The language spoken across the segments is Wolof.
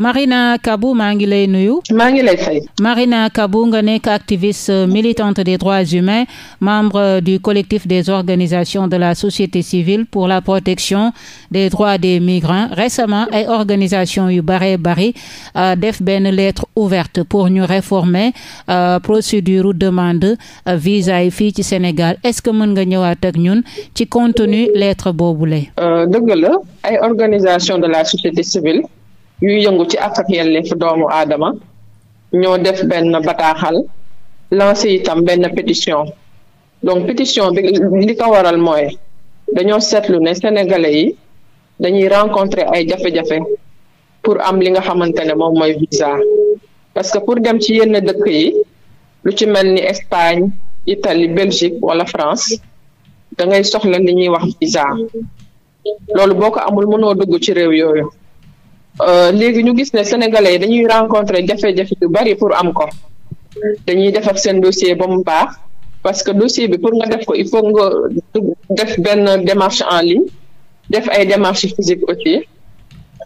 Marina Kabou maa ngi lay nuyu. maa ngi lay nga nekk activiste militante des droits humains membre du collectif des organisations de la société civile pour la protection des droits des migrants récemment ay organisation yu bare bari euh, def benn lettre ouverte pour ñu réformer euh, procédure demande euh, visa yi fii ci Sénégal est-ce que mën nga ñëwaat ak ñun ci contenu lettre boobule. dëgg la ay organisation de la société civile. yuy yëngu ci àq ak yelleefu doomu aadama ñoo def benn bataaxal lancé itam benn pétition donc pétition bi li ko waral mooy dañoo seetlu ne sénégalais yi dañuy rencontrer ay jafe-jafe pour am li nga xamante ne moom mooy visa parce que pour dem ci yenn dëkk yi lu ci mel ni Espagne Italie Belgique wala France da ngay soxla li ñuy wax visa loolu boo ko amul mënoo dugg ci réew yooyu. Euh, léegi ñu gis ne sénégalais yi dañuy rencontrer jafe-jafe yu bari pour am ko dañuy defar seen dossier ba mu baax parce que dossier bi pour nga def ko il faut nga def benn démarche en ligne def ay démarche physique aussi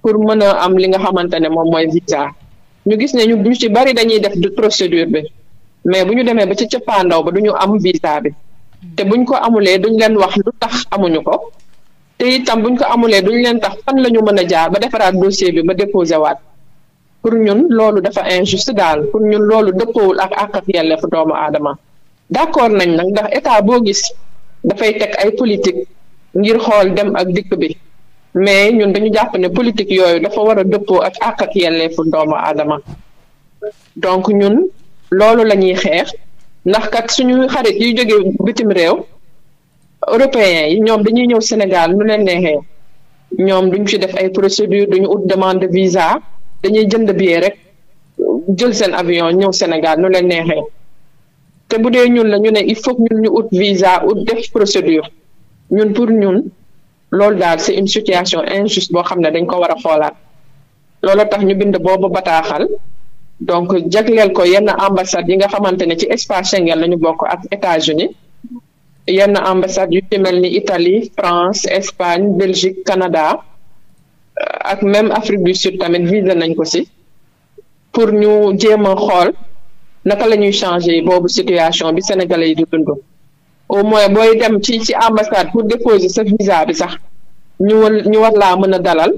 pour mën a am li nga xamante ne moom mooy visa ñu gis ne ñu bu ci bari dañuy def procédure bi mais bu ñu demee ba ci cëppaandaw ba du ñu am visa bi te buñ ko amulee duñ leen wax lu tax amuñu ko te itam buñ ko amulee duñ leen tax fan la ñu mën a jaar ba defaraat dossier bi ba déposé waat pour ñun loolu dafa injuste daal pour ñun loolu dëppoowul ak àq ak yelleefu doomu aadama d'accord nañ nag ndax état boo gis dafay teg ay politique ngir xool dem ak dikk bi mais ñun dañu jàpp ne politique yooyu dafa war a dëppoo ak àq ak yelleefu doomu aadama donc ñun loolu la ñuy xeex ndax kat suñu xarit yuy jóge bitim réew européens yi ñoom dañuy ñëw Sénégal nu leen neexee ñoom duñ fi def ay procédure duñu ut demande visa dañuy jënd billet rek jël seen avion ñëw Sénégal nu leen neexee te bu dee ñun la ñu ne il faut ñun ñu ut visa ut def procédure ñun pour ñun loolu daal c'est une situation injuste boo xam ne dañ ko war a xoolaat loolu tax ñu bind boobu bataaxal donc jagleel ko yenn ambassade yi nga xamante ne ci espace Schengen la ñu bokk ak États-Unis yenn ambassade yu ci ni Italie France Espagne Belgique Canada euh, ak même Afrique du Sud tamit visé nañ ko si pour ñu jéem a xool naka la ñuy changer boobu situation bi sénégalais yi di dund au moins booy dem ci ci ambassade pour déposer sa visa bi sax ñu war ñu war laa mën a dalal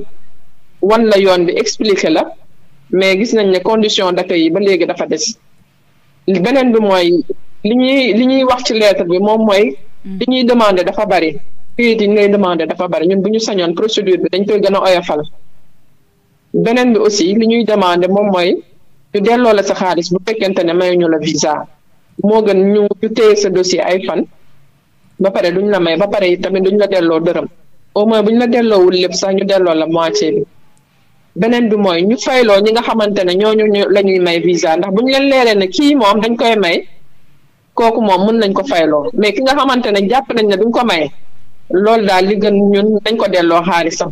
wan la yoon bi expliquer la mais gis nañ ne condition d'accueil yi ba léegi dafa des beneen bi mooy li ñuy li ñuy wax ci lettre bi moom mooy. Mm. li ñuy demande dafa bari. kayit yi ñu lay demander dafa bari ñun bu ñu sañoon procédure bi dañ koy gën a oyofal. beneen bi aussi li ñuy demander moom mooy ñu delloo la sa xaalis bu fekkente ne mayuñu la visa moo gën ñu ñu sa dossier ay fan ba pare duñ la may ba pare yi tamit duñ la delloo dërëm au bu ñu la delloowul lépp sax ñu delloo la moitié bi beneen bi mooy ñu fayloo ñi nga xamante ne ñu la ñuy may visa ndax buñ leen leeree ne kii moom dañ koy may kooku moom mun nañ ko fayloo mais ki nga xamante ne jàpp nañ ne duñ ko maye loolu daal li gën ñun dañ ko delloo xaalisam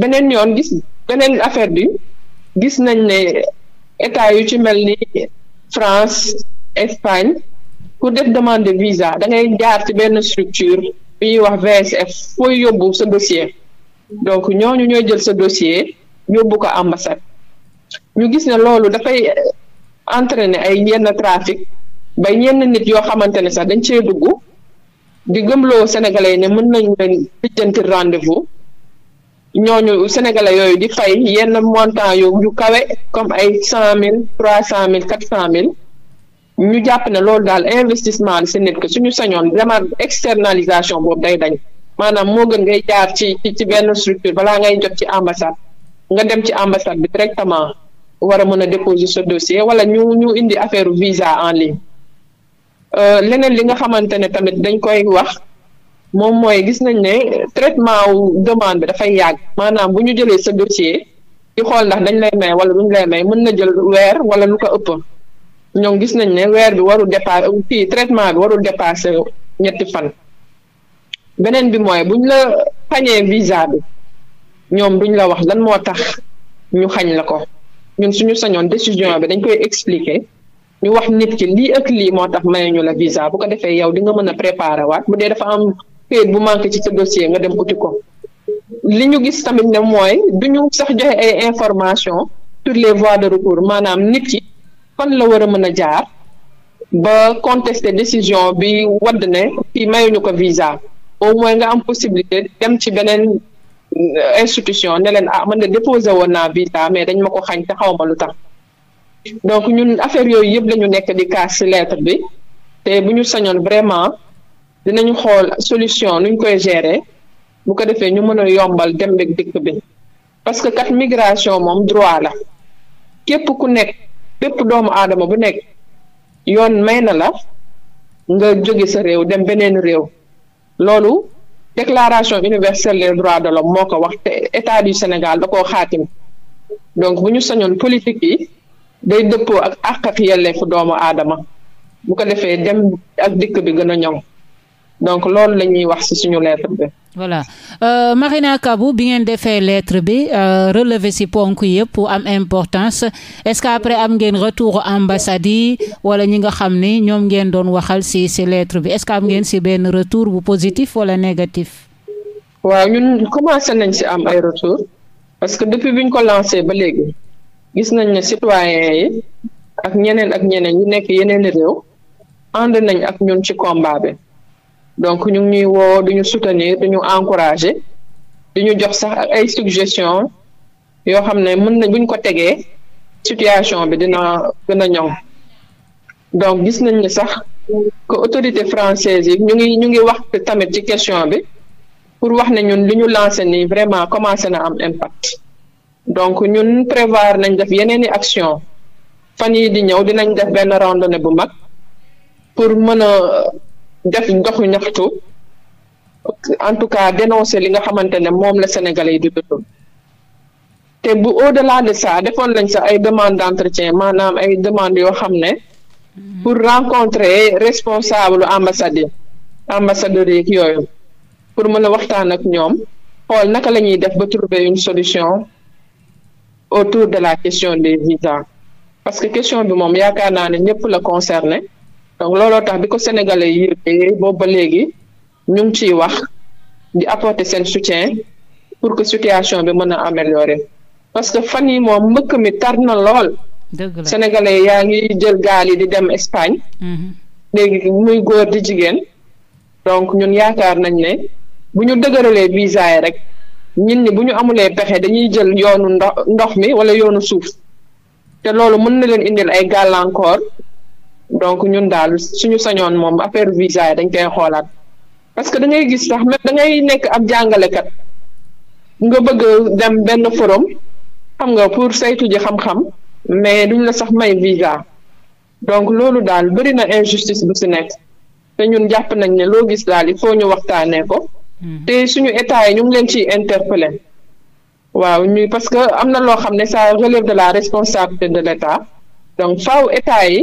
beneen yoon gis beneen affaire bi gis nañ ne état yu ci mel ni France Espagne pour def demande de visa da ngay jaar ci benn structure bi ñuy wax VSF fooy yóbbu sa dossier donc ñooñu ñooy jël sa dossier yóbbu ko ambassade ñu gis ne loolu dafay entraîner ay yenn trafic bay ñenn nit yoo xamante ne sax dañ cee dugg di loo gëmloo yi ne mën nañ leen lijjanti rendez-vous ñooñu sénégalais yooyu di fay yenn montant yu yu kawe comme ay cent mille trois cent mille quatre cent mille ñu jàpp ne loolu daal investissement si nit ko suñu sañoon vraiment externalisation boobu day dañ maanaam moo gën ngay jaar ci ci benn structure balaa ngay jot ci ambassade nga dem ci ambassade bi directement war a mën a déposer sa dossier wala ñu ñu indi affaire visa en ligne Euh, leneen li nga xamante ne tamit dañ koy wax moom mooy gis nañ ne traitement wu demande bi dafay yàgg maanaam bu ñu jëlee sa dossier di xool ndax dañ lay may wala duñ lay may mën na jël weer wala lu ko ëpp ñoom gis nañ ne weer bi warul dépassé fii traitement bi warul dépassé ñetti fan beneen bi mooy buñ la xañee visa bi ñoom duñ la wax lan moo tax ñu xañ la ko ñun suñu sañoon décision bi dañ koy expliquer ñu wax nit ki lii ak lii moo tax mayuñu la visa bu ko defee yow dinga mën a préparer waat bu dee dafa am kayit bu manqué ci sa dossier nga dem uti ko li ñu gis tamit ne mooy ñu sax joxe ay information sur les voies de recours maanaam nit ki fan la war a mën a jaar ba contester décision bi wadd ne fii ñu ko visa au moins nga am possibilité dem ci beneen euh, institution ne leen ah man de déposé woon naa visa mais dañ ma ko xañ te xaw ma lu tax donc ñun affaire yooyu yëpp lañu ñu nekk di kaas ci lettre bi te bu ñu sañoon vraiment dinañu xool solution nuñ koy gérer bu ko defee ñu mën a yombal dem beeg dikk bi parce que kat migration moom droit la képp ku nekk bépp doomu aadama bu nekk yoon may na la nga jóge sa réew dem beneen réew loolu déclaration universelle des droits de l'homme moo ko wax te état du Sénégal da koo xaatim donc bu sañoon politique yi. day dëppoo ak àq ak yelleefu doomu aadama bu ko defee dem ak dikk bi gën a ñoŋ donc loolu lañuy wax ci suñu lettre bi. voilà euh, Marina Kabou bi ngeen defee lettre bi euh, relevé ci ponk yëpp am importance est-ce que après am ngeen retour ambassade yi wala ñi nga xam ni ñoom ngeen doon waxal ci ci lettre bi est-ce que am ngeen ci benn retour bu positif wala négatif. waaw ñun commencé nañ ci am ay retour parce que depuis bi ko lancé ba léegi gis nañ ne citoyen yi ak ñeneen ak ñeneen yu nekk yeneen réew ànd nañ ak ñun ci combat bi donc ñu ngi ñuy woo duñu soutenir duñu encourager duñu jox sax ay suggestion yoo xam ne mën nañ buñ ko tegee situation bi dina gën ñoŋ donc gis nañ ne sax que autorité française yi ñu ngi ñu ngi wax tamit ci question bi pour wax ne ñun li ñu lancé nii vraiment commencé na am impact donc ñun prévoir nañ def yeneen i action fan yii di ñëw dinañ def benn randonnée bu mag pour mën a def doxu ñaxtu en tout cas dénoncer li nga xamante ne moom la Sénégalais yi di dund te bu au delà de ça defoon nañ sax ay demande d'entretien maanaam ay demande yoo xam ne mhm. pour rencontrer responsable ambassade yi ambassadeurs yeeg yooyu pour mën a waxtaan ak ñoom xool naka la ñuy def ba trouver une solution autour de la question des visas parce que question bi moom yaakaar naa ne ñëpp la concerné donc looloo tax bi ko sénégalais yi yëgee boobu ba léegi ñu ngi ciy wax di apporter seen soutien pour que situation bi mën a améliorer parce que fan yi moom mbëkk mi tar na lool. dëgg la yaa ngi jël gaal yi di dem Espagne. Mm-hmm. léegi muy góor di jigéen donc ñun yaakaar nañ ne bu ñu dëgëralee visa yi rek. ñin ñi bu ñu amulee pexe dañuy jël yoonu ndox ndox mi wala yoonu suuf te loolu mën na leen indil ay gàllankoor donc ñun daal suñu sañoon moom affaire visa yi dañ koy xoolaat parce que da ngay gis sax même da ngay nekk ab kat nga bëgg dem benn forum xam nga pour saytu ji xam-xam mais duñ la sax may visa donc loolu daal bëri na injustice bu si nekk te ñun jàpp nañ ne loo gis daal il faut ñu waxtaanee ko. Mm-hmm. te suñu état yi ñu ngi leen ciy interpellé waaw ñu parce que am na loo xam ne ça relève de la responsabilité de l' état donc faaw état yi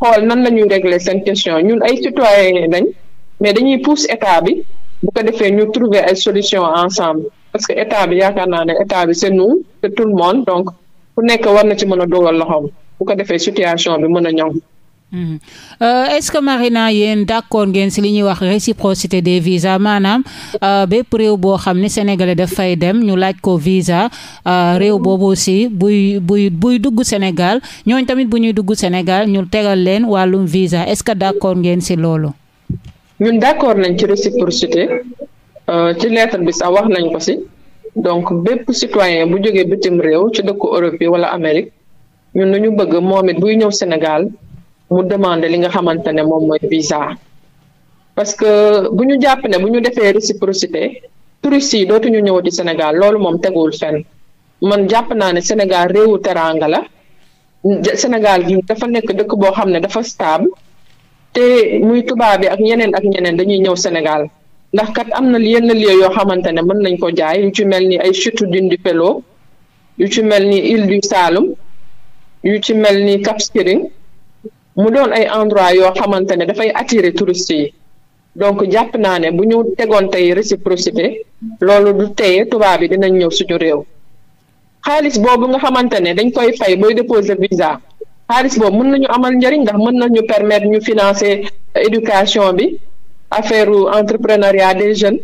xool nan la ñuy régler seen question ñun ay citoyen nañ mais dañuy pousse état bi bu ko defee ñu trouver ay solution ensemble parce que état bi yaakaar naa ne état bi c' est nous tout le monde donc ku nekk war na ci mën a dogal loxoom bu ko defee situation bi mën a ñoŋ Mhm. Euh, est-ce que Marina yéen d'accord ngeen si li ñuy wax réciprocité des visas maanaam euh, bépp réew boo xam ne sénégalais daf fay dem ñu laaj ko visa euh, réew boobu aussi buy buy buy dugg Sénégal ñooñ tamit bu ñuy dugg Sénégal ñu tegal leen wàllum visa est-ce que d'accord ngeen si loolu. ñun d'accord nañ ci réciprocité ci lettre bi sax wax nañ ko si donc bépp citoyen bu jógee bitim réew ci dëkku Europe yi wala Amérique ñun lu ñu bëgg moom it buy ñëw Sénégal. mu demander li nga xamante ne moom mooy visa parce que bu ñu jàpp ne bu ñu defee réciprocité touristes yi dootuñu ñëw di Sénégal loolu moom tegul fenn man jàpp naa ne Sénégal réewu teraanga la Sénégal gi dafa nekk dëkk boo xam ne dafa stable te muy tubaab bi ak ñeneen ak ñeneen dañuy ñëw Sénégal ndax kat am na yenn lieu yoo xamante ne mën nañ ko jaay yu ci mel ni ay chute dune du Pelo yu ci mel ni île du Saloum yu ci mel ni Cap mu doon ay endroit yoo xamante ne dafay attirer touristes yi donc jàpp naa ne bu ñu tegoon tey réciprocité loolu du teye tubaab yi dinañ ñëw suñu réew xaalis boobu nga xamante ne dañ koy fay booy déposer visa xaalis boobu mën nañu amal njëriñ ndax mën nañu permettre ñu financer éducation bi affaire entrepreneuriat des jeunes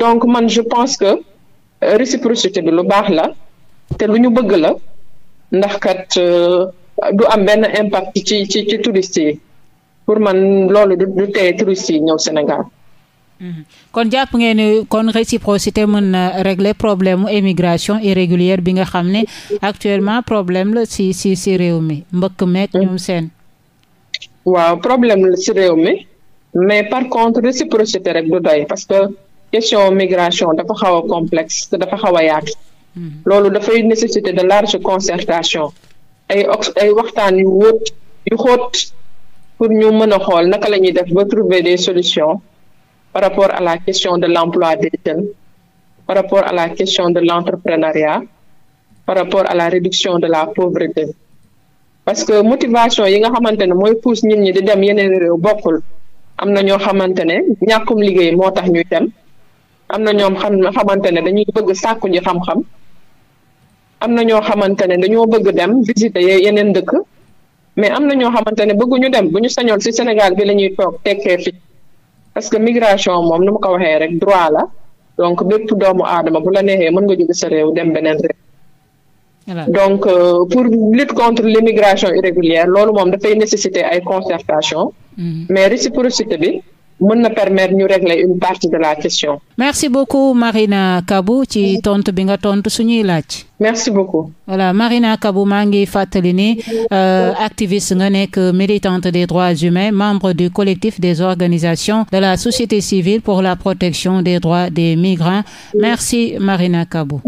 donc man je pense que euh, réciprocité bi lu baax la te lu ñu bëgg la ndax kat. Euh, du am benn impact ci ci yi pour man loolu du du teye touristes yi ñëw Sénégal. Mhm. kon jàpp ngeen ni kon réciprocité mën na réglé problème mu émigration irrégulière bi nga xam ne actuellement problème la si si si réew mi mbëkk meek ñoom mhm. seen. waaw problème la si réew mi mais par contre réciprocité rek du doy parce que question migration dafa xaw a dafa xaw a yaatu. Mhm. loolu dafay nécessiter de large concertation. ay ay waxtaan yu wóot yu xóot pour ñu mën a xool naka la ñuy def ba trouver des solutions par rapport à la question de l'emploi de jeunes par rapport à la question de l'entrepreneuriat par rapport à la réduction de la pauvreté parce que motivation yi nga xamante ne mooy pousse nit ñi di dem yeneen réew bokkul am na ñoo xamante ne ñàkkum liggéey moo tax ñuy dem am na ñoom xam xamante ne dañuy bëgg sàkku ji xam-xam am na ñoo xamante ne dañoo bëgg dem visiter yeneen dëkk mais am na ñoo xamante ne bëgguñu dem bu ñu sañoon ci Sénégal bi la ñuy toog tekkee fi parce que migration moom nu ma ko waxee rek droit la donc bépp doomu aadama bu la neexee mën nga jóge sa réew dem beneen réew. donc euh, pour lutte contre l'immigration irrégulière loolu moom dafay nécessiter ay concertation mm mais réciprocité bi. mën na permettre ñu régler une partie de la question. merci beaucoup Marina Kabou ci tontu bi nga tontu suñuy laaj. merci beaucoup. voilà Marina Kabou maa ngi fàttali ni euh, activiste nga nekk militante des droits humains membre du collectif des organisations de la société civile pour la protection des droits des migrants merci Marina Kabou.